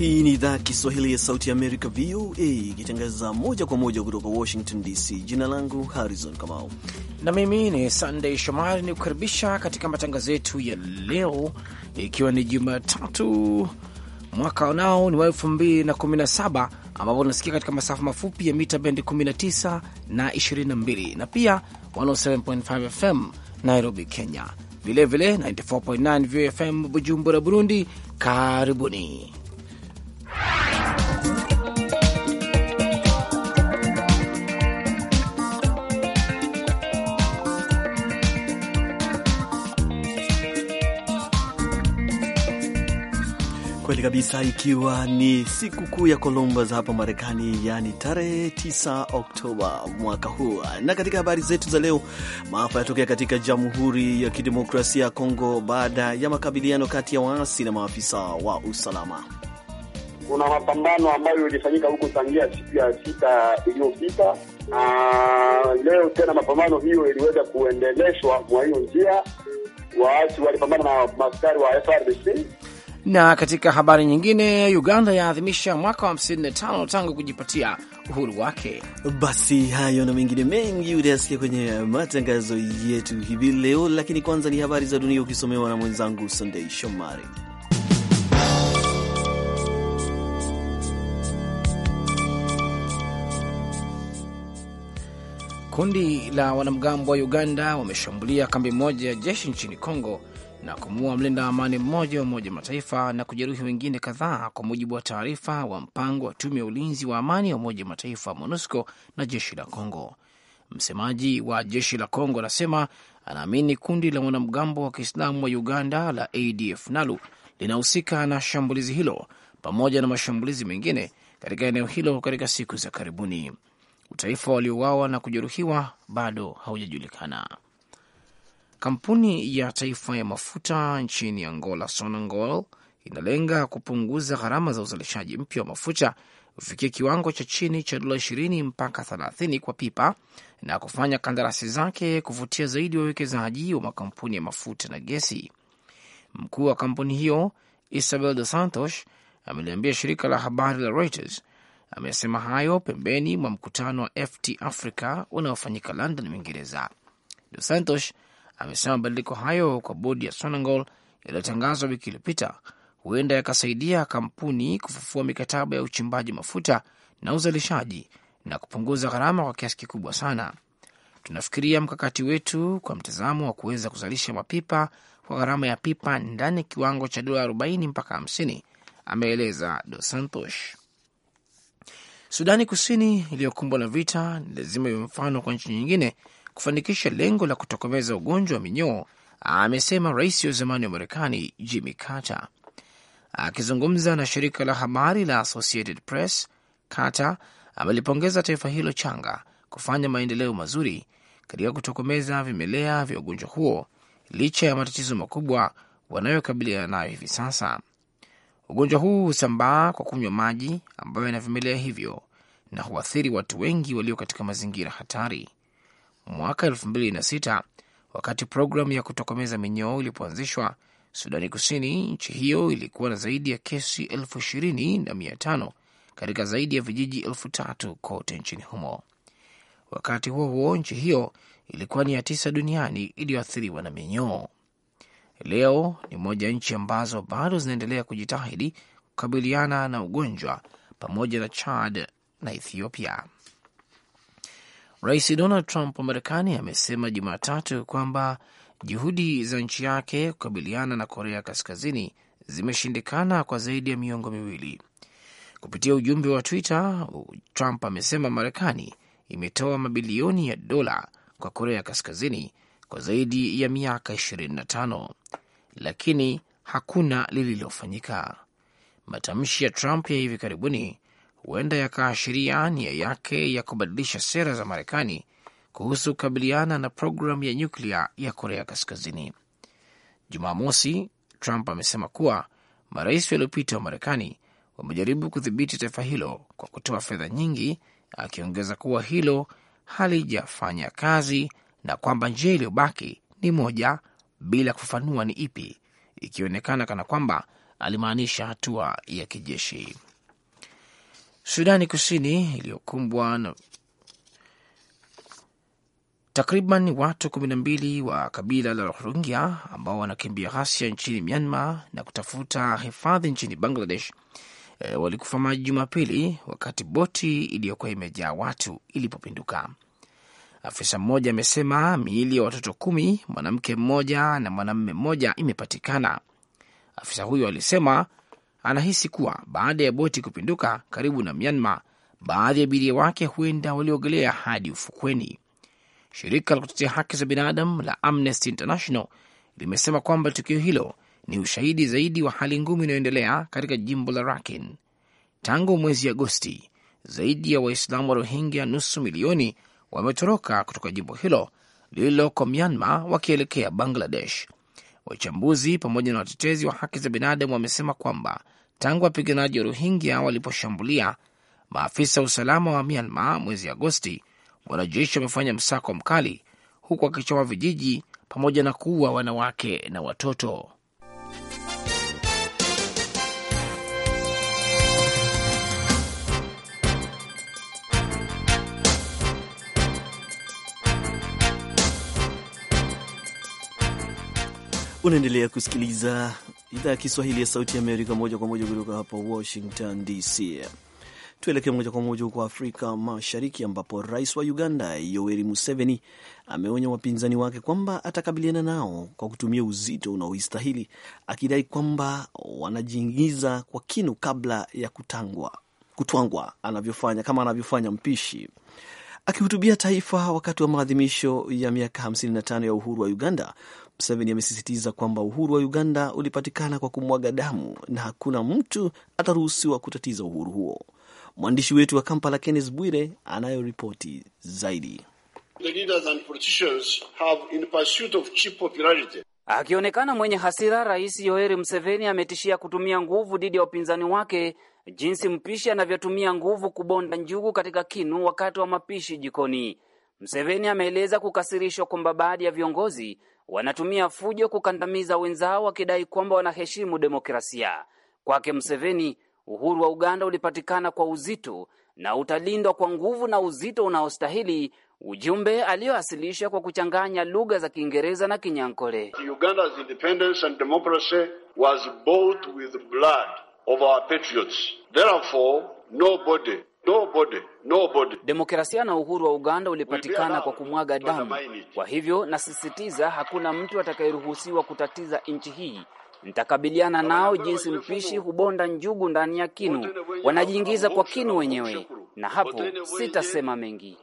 Hii ni idhaa ya Kiswahili ya Sauti ya Amerika, VOA, ikitangaza moja kwa moja kutoka Washington DC. Jina langu Harrison Kamau na mimi ni Sandey Shomari, ni kukaribisha katika matangazo yetu ya leo, ikiwa ni Jumatatu mwaka nao ni wa 217 ambapo unasikia katika masafa mafupi ya mita bendi 19 na 22 na pia 107.5 FM Nairobi, Kenya, vilevile 94.9 VFM Bujumbura, Burundi. Karibuni. Kweli kabisa, ikiwa ni siku kuu ya Columbus hapa Marekani, yani tarehe 9 Oktoba mwaka huu. Na katika habari zetu za leo, maafa yatokea katika Jamhuri ya Kidemokrasia ya Kongo baada ya makabiliano kati ya waasi na maafisa wa usalama. Kuna mapambano ambayo ilifanyika huko tangia siku ya sita iliyopita, na leo tena mapambano hiyo iliweza kuendeleshwa mwa hiyo njia. Waasi walipambana na maskari wa FRDC na katika habari nyingine, Uganda yaadhimisha mwaka wa 55 tangu kujipatia uhuru wake. Basi hayo na mengine mengi utayasikia kwenye matangazo yetu hivi leo, lakini kwanza ni habari za dunia ukisomewa na mwenzangu sandei Shomari. Kundi la wanamgambo wa Uganda wameshambulia kambi moja ya jeshi nchini congo na kumuua mlinda amani mmoja wa Umoja Mataifa na kujeruhi wengine kadhaa, kwa mujibu wa taarifa wa mpango wa tume ya ulinzi wa amani ya Umoja Mataifa MONUSCO na jeshi la congo Msemaji wa jeshi la congo anasema anaamini kundi la wanamgambo wa Kiislamu wa Uganda la ADF NALU linahusika na shambulizi hilo pamoja na mashambulizi mengine katika eneo hilo katika siku za karibuni. Utaifa waliouawa na kujeruhiwa bado haujajulikana. Kampuni ya taifa ya mafuta nchini Angola, Sonangol, inalenga kupunguza gharama za uzalishaji mpya wa mafuta kufikia kiwango cha chini cha dola ishirini mpaka thelathini kwa pipa na kufanya kandarasi zake kuvutia zaidi wawekezaji wa makampuni ya mafuta na gesi. Mkuu wa kampuni hiyo Isabel de Santos ameliambia shirika la habari la Reuters. Amesema hayo pembeni mwa mkutano wa FT Africa unaofanyika London, Uingereza. Dos Santos amesema mabadiliko hayo kwa bodi ya Sonangol yaliyotangazwa wiki iliyopita huenda yakasaidia kampuni kufufua mikataba ya uchimbaji mafuta na uzalishaji na kupunguza gharama kwa kiasi kikubwa sana. Tunafikiria mkakati wetu kwa mtazamo wa kuweza kuzalisha mapipa kwa gharama ya pipa ndani ya kiwango cha dola 40 mpaka 50, ameeleza Dos Santos. Sudani Kusini iliyokumbwa na vita ni lazima iwe mfano kwa nchi nyingine kufanikisha lengo la kutokomeza ugonjwa wa minyoo, amesema rais wa zamani wa Marekani Jimmy Carter. Akizungumza na shirika la habari la Associated Press, Carter amelipongeza taifa hilo changa kufanya maendeleo mazuri katika kutokomeza vimelea vya ugonjwa huo licha ya matatizo makubwa wanayokabiliana nayo hivi sasa. Ugonjwa huu husambaa kwa kunywa maji ambayo yana vimelea hivyo na huathiri watu wengi walio katika mazingira hatari mwaka 2006 wakati programu ya kutokomeza minyoo ilipoanzishwa Sudani Kusini, nchi hiyo ilikuwa na zaidi ya kesi elfu ishirini na mia tano katika zaidi ya vijiji elfu tatu kote nchini humo. Wakati huo huo, nchi hiyo ilikuwa ni ya tisa duniani iliyoathiriwa na minyoo. Leo ni moja ya nchi ambazo bado zinaendelea kujitahidi kukabiliana na ugonjwa pamoja na Chad na Ethiopia. Rais Donald Trump wa Marekani amesema Jumatatu kwamba juhudi za nchi yake kukabiliana na Korea Kaskazini zimeshindikana kwa zaidi ya miongo miwili. Kupitia ujumbe wa Twitter, Trump amesema Marekani imetoa mabilioni ya dola kwa Korea Kaskazini kwa zaidi ya miaka 25 lakini hakuna lililofanyika. Matamshi ya Trump ya hivi karibuni huenda yakaashiria nia yake ya kubadilisha sera za Marekani kuhusu kukabiliana na programu ya nyuklia ya Korea Kaskazini. Jumamosi, Trump amesema kuwa marais waliopita wa Marekani wamejaribu kudhibiti taifa hilo kwa kutoa fedha nyingi, akiongeza kuwa hilo halijafanya kazi na kwamba njia iliyobaki ni moja, bila kufafanua ni ipi, ikionekana kana kwamba alimaanisha hatua ya kijeshi. Sudani Kusini iliyokumbwa na takriban watu kumi na mbili wa kabila la Rohingya ambao wanakimbia ghasia nchini Myanmar na kutafuta hifadhi nchini Bangladesh e, walikufa maji Jumapili wakati boti iliyokuwa imejaa watu ilipopinduka. Afisa mmoja amesema miili ya watoto kumi, mwanamke mmoja na mwanamume mmoja imepatikana. Afisa huyo alisema anahisi kuwa baada ya boti kupinduka karibu na Myanmar, baadhi ya abiria wake huenda waliogelea hadi ufukweni. Shirika la kutetea haki za binadamu la Amnesty International limesema kwamba tukio hilo ni ushahidi zaidi wa hali ngumu inayoendelea katika jimbo la Rakhine. Tangu mwezi Agosti, zaidi ya Waislamu wa Rohingya nusu milioni wametoroka kutoka jimbo hilo lililoko Myanmar wakielekea Bangladesh, Wachambuzi pamoja na watetezi wa haki za binadamu wamesema kwamba tangu wapiganaji wa Rohingya waliposhambulia maafisa wa usalama wa Myanmar mwezi Agosti, wanajeshi wamefanya msako mkali huku wakichoma vijiji pamoja na kuua wanawake na watoto. Unaendelea kusikiliza idhaa ya Kiswahili ya Sauti ya Amerika moja kwa moja kutoka hapa Washington DC. Tuelekee moja kwa moja huko Afrika Mashariki, ambapo rais wa Uganda Yoweri Museveni ameonya wapinzani wake kwamba atakabiliana nao kwa kutumia uzito unaoistahili, akidai kwamba wanajiingiza kwa kinu kabla ya kutangwa, kutwangwa anavyofanya kama anavyofanya mpishi. Akihutubia taifa wakati wa maadhimisho ya miaka 55 ya uhuru wa Uganda, Museveni amesisitiza kwamba uhuru wa Uganda ulipatikana kwa kumwaga damu na hakuna mtu ataruhusiwa kutatiza uhuru huo. Mwandishi wetu wa Kampala, Kennes Bwire, anayoripoti zaidi. Akionekana mwenye hasira, Rais Yoweri Museveni ametishia kutumia nguvu dhidi ya upinzani wake, jinsi mpishi anavyotumia nguvu kubonda njugu katika kinu wakati wa mapishi jikoni. Mseveni ameeleza kukasirishwa kwamba baadhi ya viongozi wanatumia fujo kukandamiza wenzao wakidai kwamba wanaheshimu demokrasia. Kwake Mseveni, uhuru wa Uganda ulipatikana kwa uzito na utalindwa kwa nguvu na uzito unaostahili, ujumbe aliyoasilisha kwa kuchanganya lugha za Kiingereza na Kinyankole. Uganda's independence and democracy was bought with blood of our patriots. Therefore, nobody Nobody, nobody. Demokrasia na uhuru wa Uganda ulipatikana kwa kumwaga damu. Kwa hivyo nasisitiza, hakuna mtu atakayeruhusiwa kutatiza nchi hii. Nitakabiliana nao jinsi mpishi hubonda njugu ndani ya kinu, wanajiingiza kwa kinu wenyewe, na hapo sitasema mengi.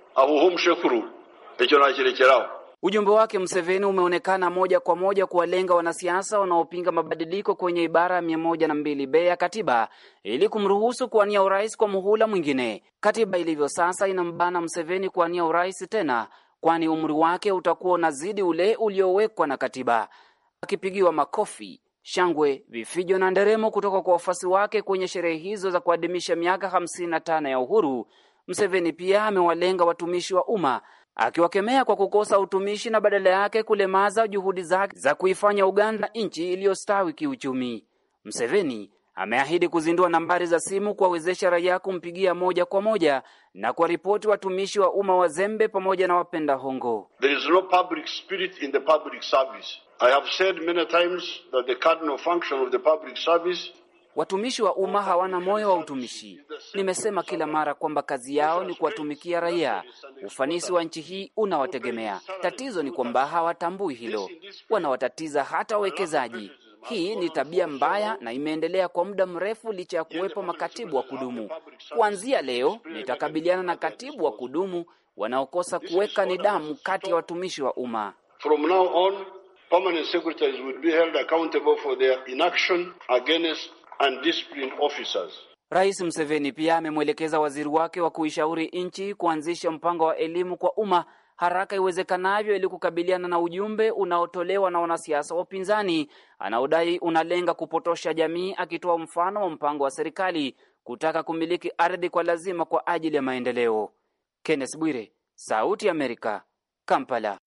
Ujumbe wake Museveni umeonekana moja kwa moja kuwalenga wanasiasa wanaopinga mabadiliko kwenye ibara ya mia na mbili b ya katiba ili kumruhusu kuwania urais kwa muhula mwingine. Katiba ilivyo sasa inambana Museveni kuwania urais tena, kwani umri wake utakuwa unazidi ule uliowekwa na katiba. Akipigiwa makofi, shangwe, vifijo na nderemo kutoka kwa wafuasi wake kwenye sherehe hizo za kuadhimisha miaka 55 ya uhuru, mseveni pia amewalenga watumishi wa umma akiwakemea kwa kukosa utumishi na badala yake kulemaza juhudi zake za kuifanya Uganda nchi iliyostawi kiuchumi. Mseveni ameahidi kuzindua nambari za simu kuwawezesha raia kumpigia moja kwa moja na kuwaripoti watumishi wa umma wazembe pamoja na wapenda hongo. There is no public spirit in the public service. I have said many times that the cardinal function of the public service Watumishi wa umma hawana moyo wa utumishi. Nimesema kila mara kwamba kazi yao ni kuwatumikia raia. Ufanisi wa nchi hii unawategemea. Tatizo ni kwamba hawatambui hilo, wanawatatiza hata wawekezaji. Hii ni tabia mbaya na imeendelea kwa muda mrefu licha ya kuwepo makatibu wa kudumu. Kuanzia leo nitakabiliana na katibu wa kudumu wanaokosa kuweka nidhamu kati ya watumishi wa umma. From now on, permanent secretaries will be held accountable for their inaction against and officers. Rais Museveni pia amemwelekeza waziri wake wa kuishauri nchi kuanzisha mpango wa elimu kwa umma haraka iwezekanavyo ili kukabiliana na ujumbe unaotolewa na wanasiasa wa upinzani anaodai unalenga kupotosha jamii, akitoa mfano wa mpango wa serikali kutaka kumiliki ardhi kwa lazima kwa ajili ya maendeleo. Kenneth Bwire, Sauti ya Amerika, Kampala.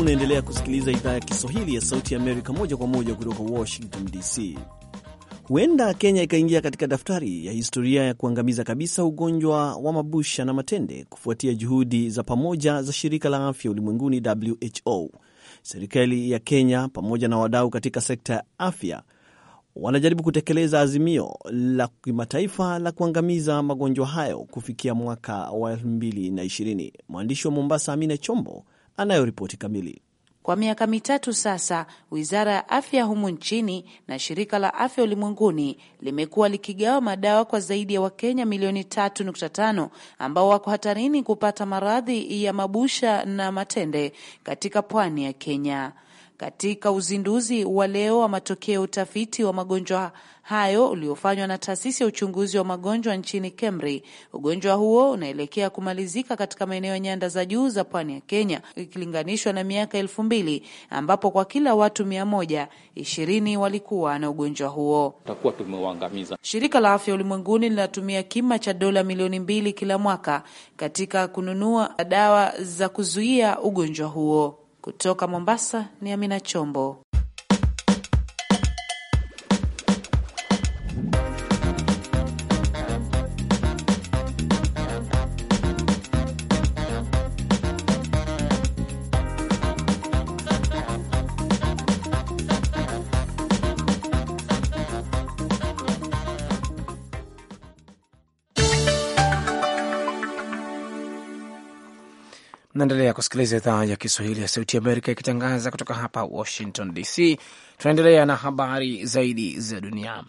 Unaendelea kusikiliza idhaa ya Kiswahili ya Sauti ya Amerika moja kwa moja kutoka Washington DC. Huenda Kenya ikaingia katika daftari ya historia ya kuangamiza kabisa ugonjwa wa mabusha na matende kufuatia juhudi za pamoja za shirika la afya ulimwenguni WHO. Serikali ya Kenya pamoja na wadau katika sekta ya afya wanajaribu kutekeleza azimio la kimataifa la kuangamiza magonjwa hayo kufikia mwaka wa 2020. Mwandishi wa Mombasa, Amina Chombo, anayoripoti kamili. Kwa miaka mitatu sasa, wizara ya afya humu nchini na shirika la afya ulimwenguni limekuwa likigawa madawa kwa zaidi ya Wakenya milioni 3.5 ambao wako hatarini kupata maradhi ya mabusha na matende katika pwani ya Kenya. Katika uzinduzi wa leo wa matokeo ya utafiti wa magonjwa hayo uliofanywa na taasisi ya uchunguzi wa magonjwa nchini KEMRI, ugonjwa huo unaelekea kumalizika katika maeneo ya nyanda za juu za pwani ya Kenya ikilinganishwa na miaka elfu mbili ambapo kwa kila watu mia moja ishirini walikuwa na ugonjwa huo. Tutakuwa tumeuangamiza. Shirika la Afya Ulimwenguni linatumia kima cha dola milioni mbili kila mwaka katika kununua dawa za kuzuia ugonjwa huo. Kutoka Mombasa ni Amina Chombo. Naendelea kusikiliza idhaa ya Kiswahili ya Sauti Amerika ikitangaza kutoka hapa Washington DC. Tunaendelea na habari zaidi za dunia.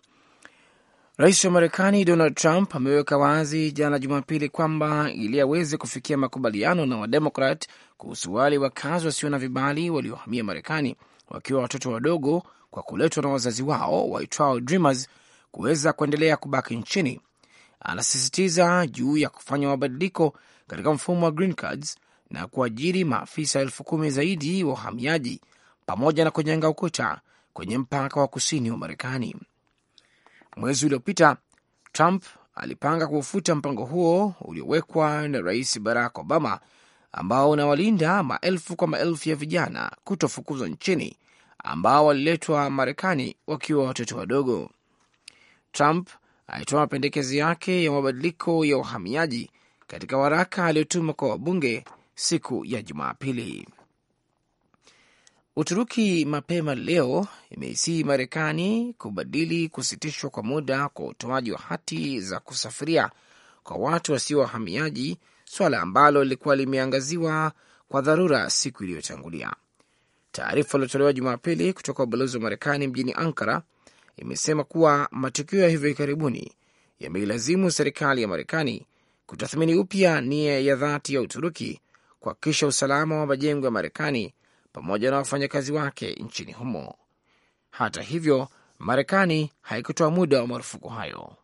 Rais wa Marekani Donald Trump ameweka wazi jana Jumapili kwamba ili aweze kufikia makubaliano na Wademokrat kuhusu wale wakazi wasio na vibali waliohamia Marekani wakiwa watoto wadogo kwa kuletwa na wazazi wao waitwao Dreamers kuweza kuendelea kubaki nchini, anasisitiza juu ya kufanya mabadiliko katika mfumo wa green cards na kuajiri maafisa elfu kumi zaidi wa uhamiaji pamoja na kujenga ukuta kwenye mpaka wa kusini wa Marekani. Mwezi uliopita Trump alipanga kuufuta mpango huo uliowekwa na Rais Barack Obama ambao unawalinda maelfu kwa maelfu ya vijana kutofukuzwa nchini ambao waliletwa Marekani wakiwa watoto wadogo. Trump alitoa mapendekezo yake ya mabadiliko ya uhamiaji katika waraka aliotuma kwa wabunge siku ya Jumapili. Uturuki mapema leo imeisii Marekani kubadili kusitishwa kwa muda kwa utoaji wa hati za kusafiria kwa watu wasio wahamiaji, swala ambalo lilikuwa limeangaziwa kwa dharura siku iliyotangulia. Taarifa iliyotolewa Jumapili kutoka ubalozi wa Marekani mjini Ankara imesema kuwa matukio ya hivi karibuni yameilazimu serikali ya Marekani kutathmini upya nia ya dhati ya Uturuki kuhakikisha usalama wa majengo ya Marekani pamoja na wafanyakazi wake nchini humo. Hata hivyo, Marekani haikutoa muda wa marufuku hayo.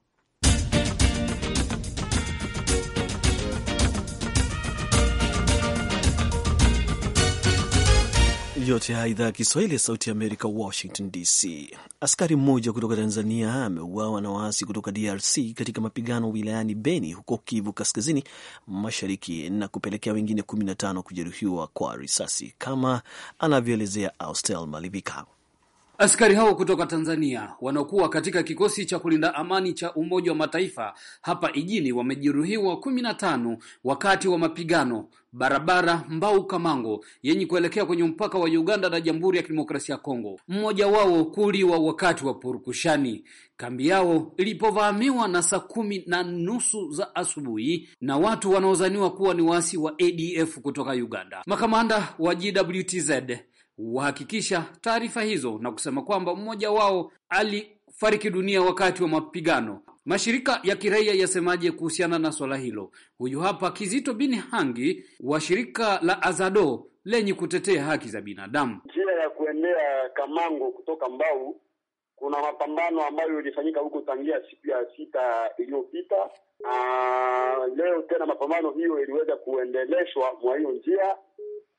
yote haya idhaa ya Kiswahili ya Sauti ya Amerika, Washington DC. Askari mmoja kutoka Tanzania ameuawa na waasi kutoka DRC katika mapigano wilayani Beni huko Kivu Kaskazini Mashariki na kupelekea wengine 15 kujeruhiwa kwa risasi, kama anavyoelezea Austel Malivika. Askari hao kutoka Tanzania wanaokuwa katika kikosi cha kulinda amani cha Umoja wa Mataifa hapa ijini wamejeruhiwa kumi na tano wakati wa mapigano barabara Mbau Kamango yenye kuelekea kwenye mpaka wa Uganda na Jamhuri ya Kidemokrasia ya Kongo. Mmoja wao kuliwa wakati wa purukushani kambi yao ilipovamiwa na saa kumi na nusu za asubuhi na watu wanaozaniwa kuwa ni waasi wa ADF kutoka Uganda. Makamanda wa JWTZ wahakikisha taarifa hizo na kusema kwamba mmoja wao alifariki dunia wakati wa mapigano. Mashirika ya kiraia yasemaje kuhusiana na swala hilo? Huyu hapa Kizito bin Hangi wa shirika la Azado lenye kutetea haki za binadamu. Njia ya kuendea Kamango kutoka Mbau, kuna mapambano ambayo ilifanyika huko tangia siku ya sita iliyopita. Leo tena mapambano hiyo iliweza kuendeleshwa mwa hiyo njia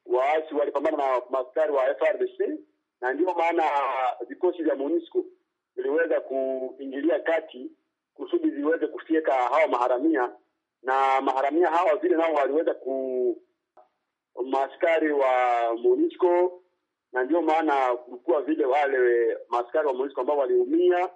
waasi walipambana na maskari wa FRDC, na ndio maana vikosi vya MONUSCO viliweza kuingilia kati kusudi ziweze kufyeka hawa maharamia, na maharamia hawa vile nao waliweza ku maskari wa MONUSCO, na ndio maana kulikuwa vile wale maskari wa MONUSCO ambao waliumia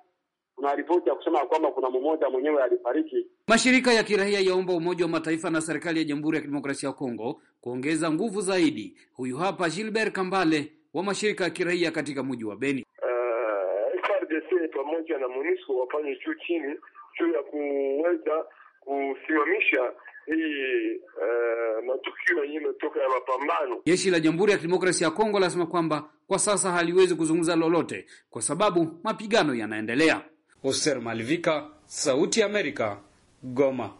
kuna ripoti ya kusema kwamba kuna mmoja mwenyewe alifariki. Mashirika ya kiraia yaomba Umoja wa Mataifa na serikali ya Jamhuri ya Kidemokrasia ya Kongo kuongeza nguvu zaidi. Huyu hapa Gilbert Kambale wa mashirika ya kiraia katika mji wa Beni. Uh, pamoja na MONUSCO wafanye juu chini juu ya kuweza kusimamisha hii uh, matukio yenyewe imetoka ya mapambano. Jeshi la Jamhuri ya Kidemokrasia ya Kongo lasema kwamba kwa sasa haliwezi kuzungumza lolote kwa sababu mapigano yanaendelea. Oser Malvika, Sauti ya Amerika, Goma.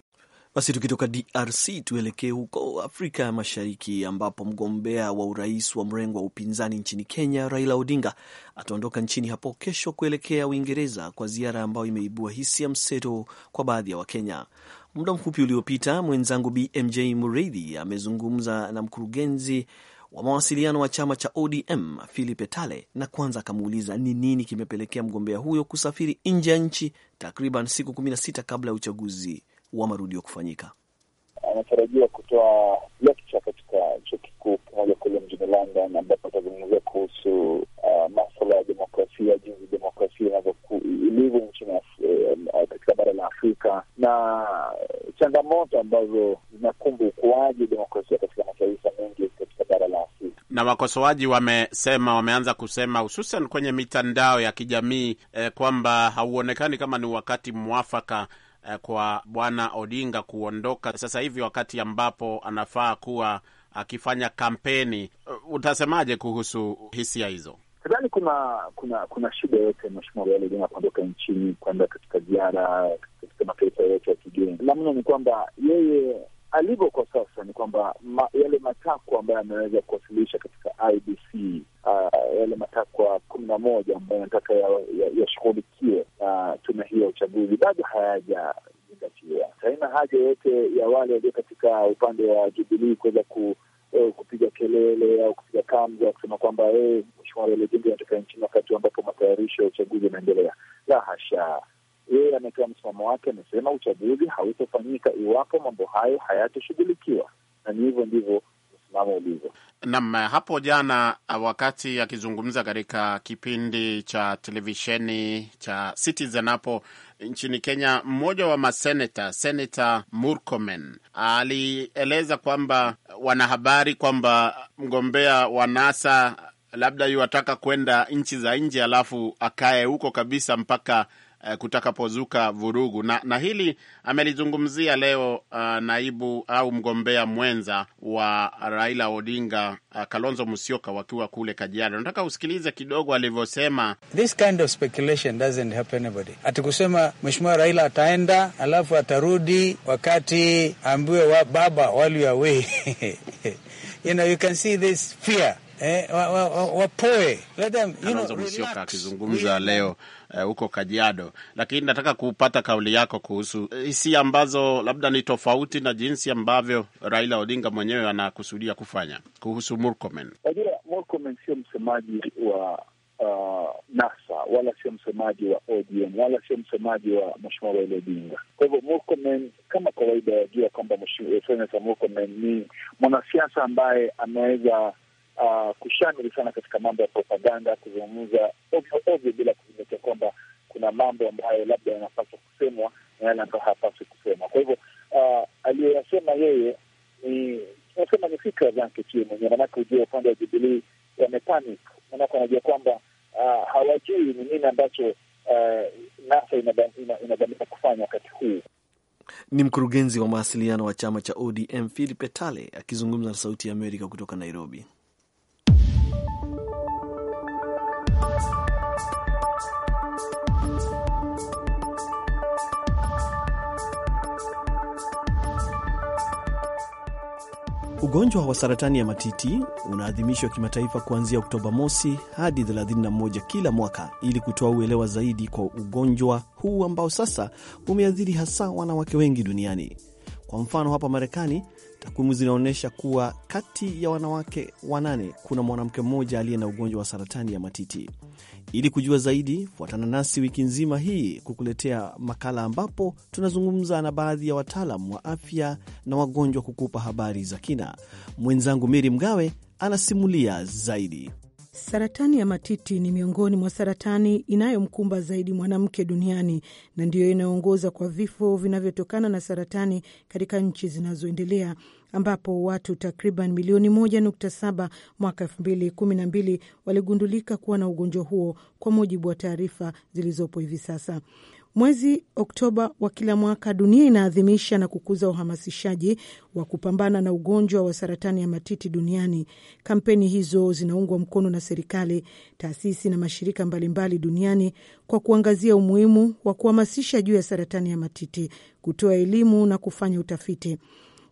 Basi tukitoka DRC tuelekee huko Afrika ya Mashariki, ambapo mgombea wa urais wa mrengo wa upinzani nchini Kenya, Raila Odinga, ataondoka nchini hapo kesho kuelekea Uingereza kwa ziara ambayo imeibua hisia mseto kwa baadhi ya Wakenya. Muda mfupi uliopita, mwenzangu BMJ Mureithi amezungumza na mkurugenzi wa mawasiliano wa chama cha ODM Philip Etale, na kwanza akamuuliza ni nini kimepelekea mgombea huyo kusafiri nje ya nchi takriban siku 16 kabla ya uchaguzi wa marudio kufanyika. Anatarajiwa kutoa lecture katika chuo kikuu kimoja kule mjini London, ambapo atazungumzia kuhusu uh, maswala ya demokrasia, jinsi demokrasia ilivyo nchini uh, katika bara la Afrika na changamoto ambazo zinakumbwa ukuaji demokrasia katika mataifa mengi katika bara la Afrika. Na wakosoaji wamesema, wameanza kusema hususan kwenye mitandao ya kijamii eh, kwamba hauonekani kama ni wakati mwafaka Eh, kwa Bwana Odinga kuondoka sasa hivi wakati ambapo anafaa kuwa akifanya kampeni. Eh, utasemaje kuhusu hisia hizo? Sidhani kuna kuna kuna shida yote mheshimiwa Raila Odinga kuondoka nchini kwenda katika ziara katika mataifa yote ya kigeni. La ni kwamba yeye alivyo kwa sasa ni kwamba ma, yale matakwa ambayo ameweza kuwasilisha katika IBC uh, yale matakwa kumi na moja ambayo yanataka yashughulikiwe ya, ya na uh, tume hiyo ya uchaguzi bado hayajazingatiwa. Haina haja yoyote ya wale walio katika upande wa Jubilii kuweza ku eh, kupiga kelele au kupiga kamza ya kusema kwamba eh, mheshimiwa Raila Odinga anatoka nchini wakati ambapo matayarisho ya uchaguzi yanaendelea. La hasha, yeye ametoa msimamo wake, amesema uchaguzi hautofanyika iwapo mambo hayo hayatashughulikiwa, na ni hivyo ndivyo unavyoulizwa. hapo jana uh, wakati akizungumza katika kipindi cha televisheni cha Citizen hapo nchini Kenya, mmoja wa maseneta, Senata Murkomen, alieleza kwamba wanahabari kwamba mgombea wa NASA labda iwataka kwenda nchi za nje, alafu akae huko kabisa mpaka uh, kutakapozuka vurugu na, na hili amelizungumzia leo uh, naibu au mgombea mwenza wa Raila Odinga uh, Kalonzo Musyoka wakiwa kule Kajiado. Nataka usikilize kidogo alivyosema. This kind of speculation doesn't happen anybody. Atikusema Mheshimiwa Raila ataenda alafu atarudi wakati ambiwe wa baba while you away. You know, you can see this fear Eh, wapoe Musyoka akizungumza leo eh, huko uh, Kajiado, lakini nataka kupata kauli yako kuhusu eh, hisia ambazo labda ni tofauti na jinsi ambavyo Raila Odinga mwenyewe anakusudia kufanya kuhusu Murkomen. Murkomen sio msemaji wa Uh, NASA wala sio msemaji wa ODM wala sio msemaji wa mheshimiwa Raila Odinga. Kwa hivyo Murkomen, kama kawaida, yajua kwamba Murkomen ni mwanasiasa ambaye ameweza uh, kushamili sana katika mambo ya propaganda, kuzungumza ovyo ovyo bila kuzingatia kwamba kuna mambo ambayo labda yanapaswa kusemwa na yale ambayo hayapaswi kusemwa. Kwa hivyo uh, aliyoyasema yeye ni tunasema ni fikra zake tu mwenyewe, manake ujua upande wa Jubilii wamepanic, manake wanajua kwamba uh, hawajui ni nini ambacho uh, NASA ina kufanya wakati huu. Ni mkurugenzi wa mawasiliano wa chama cha ODM Philip Etale akizungumza na Sauti ya Amerika kutoka Nairobi. Ugonjwa wa saratani ya matiti unaadhimishwa kimataifa kuanzia Oktoba mosi hadi 31 kila mwaka ili kutoa uelewa zaidi kwa ugonjwa huu ambao sasa umeathiri hasa wanawake wengi duniani. Kwa mfano, hapa Marekani takwimu zinaonyesha kuwa kati ya wanawake wanane kuna mwanamke mmoja aliye na ugonjwa wa saratani ya matiti. Ili kujua zaidi, fuatana nasi wiki nzima hii kukuletea makala ambapo tunazungumza na baadhi ya wataalam wa afya na wagonjwa kukupa habari za kina. Mwenzangu Meri Mgawe anasimulia zaidi. Saratani ya matiti ni miongoni mwa saratani inayomkumba zaidi mwanamke duniani na ndiyo inayoongoza kwa vifo vinavyotokana na saratani katika nchi zinazoendelea ambapo watu takriban milioni 1.7 mwaka 2012 waligundulika kuwa na ugonjwa huo, kwa mujibu wa taarifa zilizopo hivi sasa. Mwezi Oktoba wa kila mwaka dunia inaadhimisha na kukuza uhamasishaji wa kupambana na ugonjwa wa saratani ya matiti duniani. Kampeni hizo zinaungwa mkono na serikali, taasisi na mashirika mbalimbali duniani kwa kuangazia umuhimu wa kuhamasisha juu ya saratani ya matiti, kutoa elimu na kufanya utafiti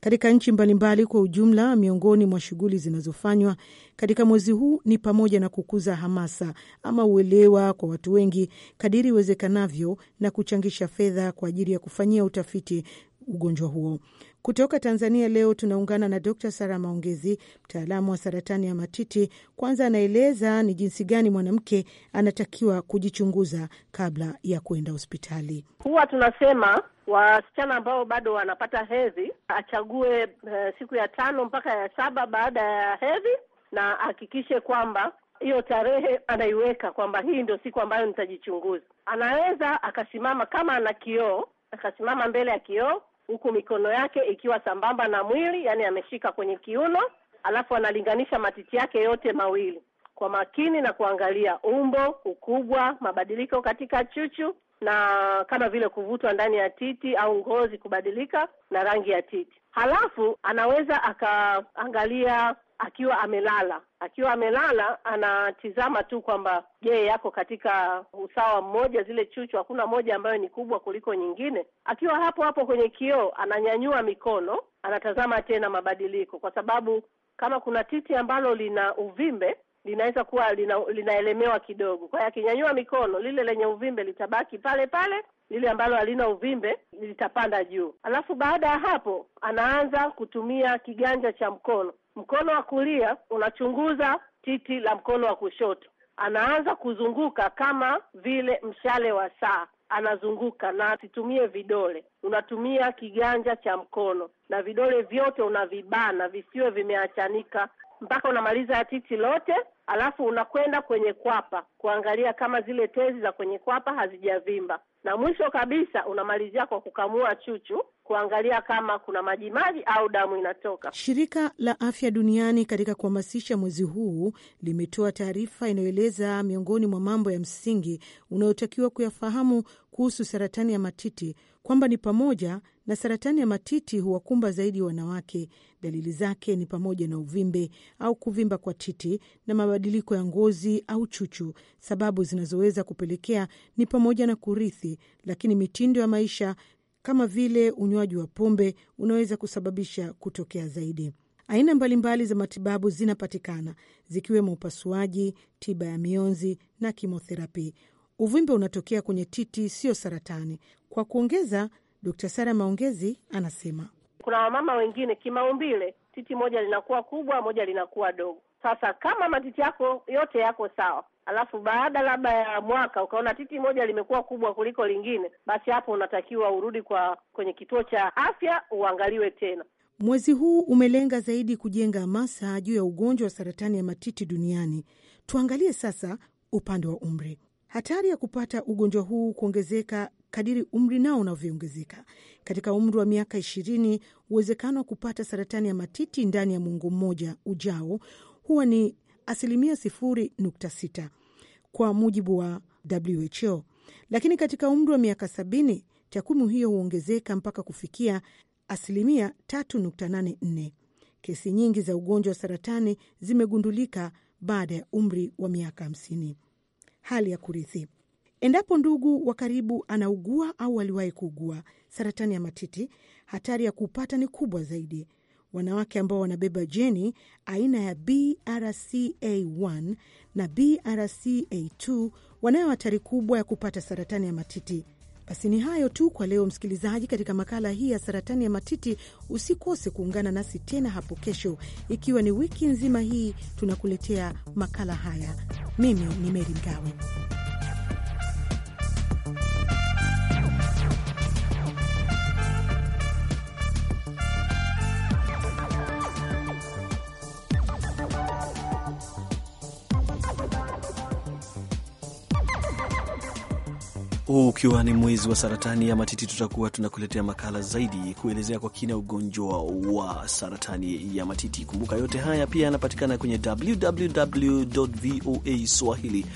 katika nchi mbalimbali kwa ujumla. Miongoni mwa shughuli zinazofanywa katika mwezi huu ni pamoja na kukuza hamasa ama uelewa kwa watu wengi kadiri iwezekanavyo na kuchangisha fedha kwa ajili ya kufanyia utafiti ugonjwa huo. Kutoka Tanzania leo tunaungana na Dr Sara Maongezi, mtaalamu wa saratani ya matiti. Kwanza anaeleza ni jinsi gani mwanamke anatakiwa kujichunguza kabla ya kuenda hospitali. Huwa tunasema wasichana ambao bado wanapata hedhi achague uh, siku ya tano mpaka ya saba baada ya hedhi, na ahakikishe kwamba hiyo tarehe anaiweka kwamba hii ndio siku ambayo nitajichunguza. Anaweza akasimama kama ana kioo, akasimama mbele ya kioo huku mikono yake ikiwa sambamba na mwili, yani ameshika kwenye kiuno, alafu analinganisha matiti yake yote mawili kwa makini na kuangalia umbo, ukubwa, mabadiliko katika chuchu na kama vile kuvutwa ndani ya titi au ngozi kubadilika na rangi ya titi. Halafu anaweza akaangalia akiwa amelala, akiwa amelala anatizama tu kwamba je, yako katika usawa mmoja, zile chuchu, hakuna moja ambayo ni kubwa kuliko nyingine. Akiwa hapo hapo kwenye kioo, ananyanyua mikono, anatazama tena mabadiliko, kwa sababu kama kuna titi ambalo lina uvimbe linaweza kuwa lina, linaelemewa kidogo. Kwa hiyo akinyanyua mikono, lile lenye uvimbe litabaki pale pale, lile ambalo halina uvimbe litapanda juu. Alafu baada ya hapo, anaanza kutumia kiganja cha mkono. Mkono wa kulia unachunguza titi la mkono wa kushoto, anaanza kuzunguka kama vile mshale wa saa anazunguka na asitumie vidole, unatumia kiganja cha mkono na vidole vyote unavibana visiwe vimeachanika mpaka unamaliza titi lote, alafu unakwenda kwenye kwapa kuangalia kama zile tezi za kwenye kwapa hazijavimba, na mwisho kabisa unamalizia kwa kukamua chuchu kuangalia kama kuna majimaji au damu inatoka. Shirika la Afya Duniani katika kuhamasisha mwezi huu limetoa taarifa inayoeleza miongoni mwa mambo ya msingi unayotakiwa kuyafahamu kuhusu saratani ya matiti kwamba ni pamoja na saratani ya matiti huwakumba zaidi wanawake. Dalili zake ni pamoja na uvimbe au kuvimba kwa titi na mabadiliko ya ngozi au chuchu. Sababu zinazoweza kupelekea ni pamoja na kurithi, lakini mitindo ya maisha kama vile unywaji wa pombe unaweza kusababisha kutokea zaidi. Aina mbalimbali za matibabu zinapatikana zikiwemo upasuaji, tiba ya mionzi na kimotherapi. Uvimbe unatokea kwenye titi, sio saratani. Kwa kuongeza, Dkt. Sara Maongezi anasema kuna wamama wengine kimaumbile titi moja linakuwa kubwa, moja linakuwa dogo. Sasa kama matiti yako yote yako sawa, alafu baada labda ya mwaka ukaona titi moja limekuwa kubwa kuliko lingine, basi hapo unatakiwa urudi kwa kwenye kituo cha afya uangaliwe tena. Mwezi huu umelenga zaidi kujenga hamasa juu ya ugonjwa wa saratani ya matiti duniani. Tuangalie sasa upande wa umri. Hatari ya kupata ugonjwa huu kuongezeka kadiri umri nao unavyoongezeka. Katika umri wa miaka ishirini, uwezekano wa kupata saratani ya matiti ndani ya mwongo mmoja ujao huwa ni asilimia sifuri nukta sita kwa mujibu wa WHO, lakini katika umri wa miaka sabini takwimu hiyo huongezeka mpaka kufikia asilimia 3.84. Kesi nyingi za ugonjwa wa saratani zimegundulika baada ya umri wa miaka hamsini. Hali ya kurithi. Endapo ndugu wa karibu anaugua au aliwahi kuugua saratani ya matiti, hatari ya kuupata ni kubwa zaidi. Wanawake ambao wanabeba jeni aina ya BRCA1 na BRCA2 wanayo hatari kubwa ya kupata saratani ya matiti. Basi ni hayo tu kwa leo, msikilizaji, katika makala hii ya saratani ya matiti. Usikose kuungana nasi tena hapo kesho, ikiwa ni wiki nzima hii tunakuletea makala haya. Mimi ni Meri Mgawe. huu ukiwa ni mwezi wa saratani ya matiti, tutakuwa tunakuletea makala zaidi kuelezea kwa kina ugonjwa wa saratani ya matiti. Kumbuka yote haya pia yanapatikana kwenye www voa swahili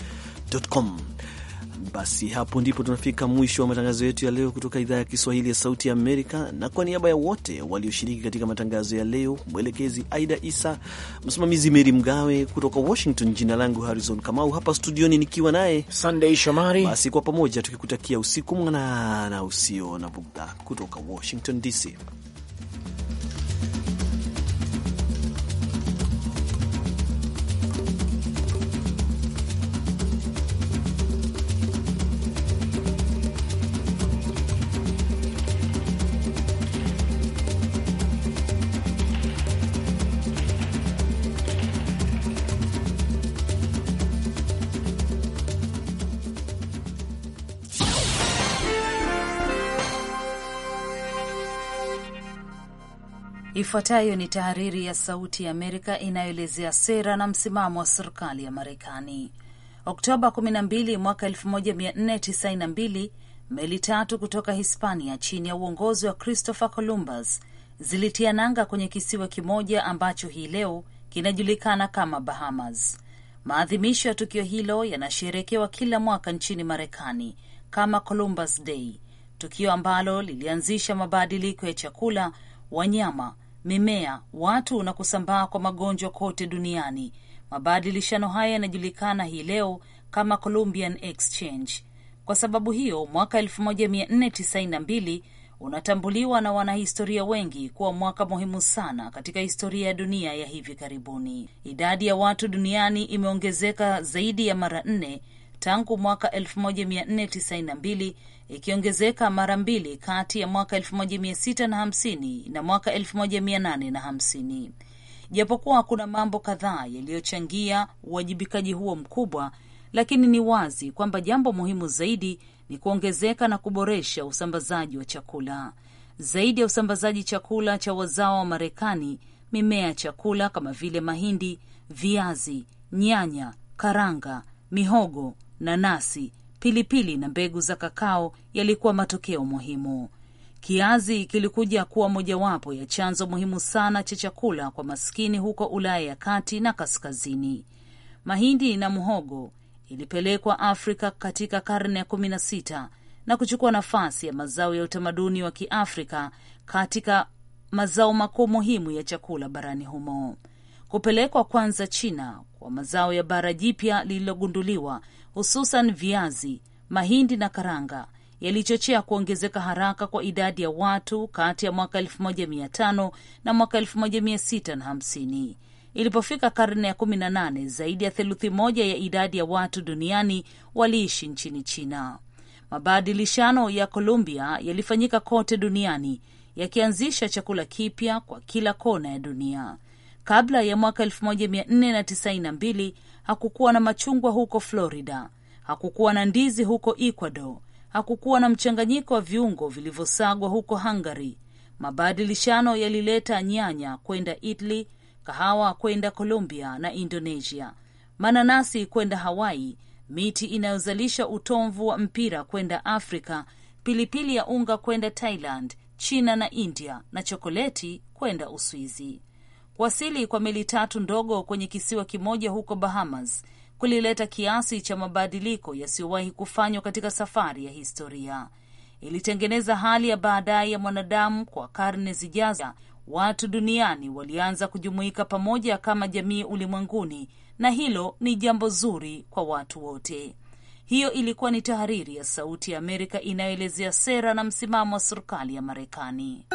basi hapo ndipo tunafika mwisho wa matangazo yetu ya leo kutoka idhaa ya Kiswahili ya Sauti ya Amerika, na kwa niaba ya wote walioshiriki katika matangazo ya leo, mwelekezi Aida Isa, msimamizi Meri Mgawe kutoka Washington, jina langu Harrison Kamau, hapa studioni nikiwa naye sandei Shomari. Basi kwa pamoja tukikutakia usiku mwanana usio na bugdha kutoka Washington DC. Ifuatayo ni tahariri ya Sauti ya Amerika inayoelezea sera na msimamo wa serikali ya Marekani. Oktoba 12 mwaka 1492 meli tatu kutoka Hispania chini ya uongozi wa Christopher Columbus zilitia nanga kwenye kisiwa kimoja ambacho hii leo kinajulikana kama Bahamas. Maadhimisho ya tukio hilo yanasherekewa kila mwaka nchini Marekani kama Columbus Day, tukio ambalo lilianzisha mabadiliko ya chakula, wanyama, mimea, watu na kusambaa kwa magonjwa kote duniani. Mabadilishano haya yanajulikana hii leo kama Columbian Exchange. Kwa sababu hiyo, mwaka 1492 unatambuliwa na wanahistoria wengi kuwa mwaka muhimu sana katika historia ya dunia ya hivi karibuni. Idadi ya watu duniani imeongezeka zaidi ya mara nne tangu mwaka 1492 ikiongezeka mara mbili kati ya mwaka 1650 na mwaka 1850. Japokuwa kuna mambo kadhaa yaliyochangia uwajibikaji huo mkubwa, lakini ni wazi kwamba jambo muhimu zaidi ni kuongezeka na kuboresha usambazaji wa chakula. Zaidi ya usambazaji chakula cha wazao wa Marekani, mimea ya chakula kama vile mahindi, viazi, nyanya, karanga, mihogo nanasi, pilipili na mbegu za kakao yalikuwa matokeo muhimu. Kiazi kilikuja kuwa mojawapo ya chanzo muhimu sana cha chakula kwa maskini huko Ulaya ya kati na kaskazini. Mahindi na mhogo ilipelekwa Afrika katika karne ya kumi na sita na kuchukua nafasi ya mazao ya utamaduni wa Kiafrika katika mazao makuu muhimu ya chakula barani humo. Kupelekwa kwanza China kwa mazao ya bara jipya lililogunduliwa hususan viazi, mahindi na karanga yalichochea kuongezeka haraka kwa idadi ya watu kati ya mwaka 1500 na mwaka 1650. Ilipofika karne ya 18, zaidi ya theluthi moja ya idadi ya watu duniani waliishi nchini China. Mabadilishano ya Columbia yalifanyika kote duniani yakianzisha chakula kipya kwa kila kona ya dunia. Kabla ya mwaka 1492 hakukuwa na machungwa huko Florida, hakukuwa na ndizi huko Ecuador, hakukuwa na mchanganyiko wa viungo vilivyosagwa huko Hungary. Mabadilishano yalileta nyanya kwenda Italy, kahawa kwenda Colombia na Indonesia, mananasi kwenda Hawaii, miti inayozalisha utomvu wa mpira kwenda Afrika, pilipili ya unga kwenda Thailand, China na India, na chokoleti kwenda Uswizi. Wasili kwa meli tatu ndogo kwenye kisiwa kimoja huko Bahamas kulileta kiasi cha mabadiliko yasiyowahi kufanywa katika safari ya historia. Ilitengeneza hali ya baadaye ya mwanadamu kwa karne zijazo. Watu duniani walianza kujumuika pamoja kama jamii ulimwenguni, na hilo ni jambo zuri kwa watu wote. Hiyo ilikuwa ni tahariri ya Sauti ya Amerika inayoelezea sera na msimamo wa serikali ya Marekani.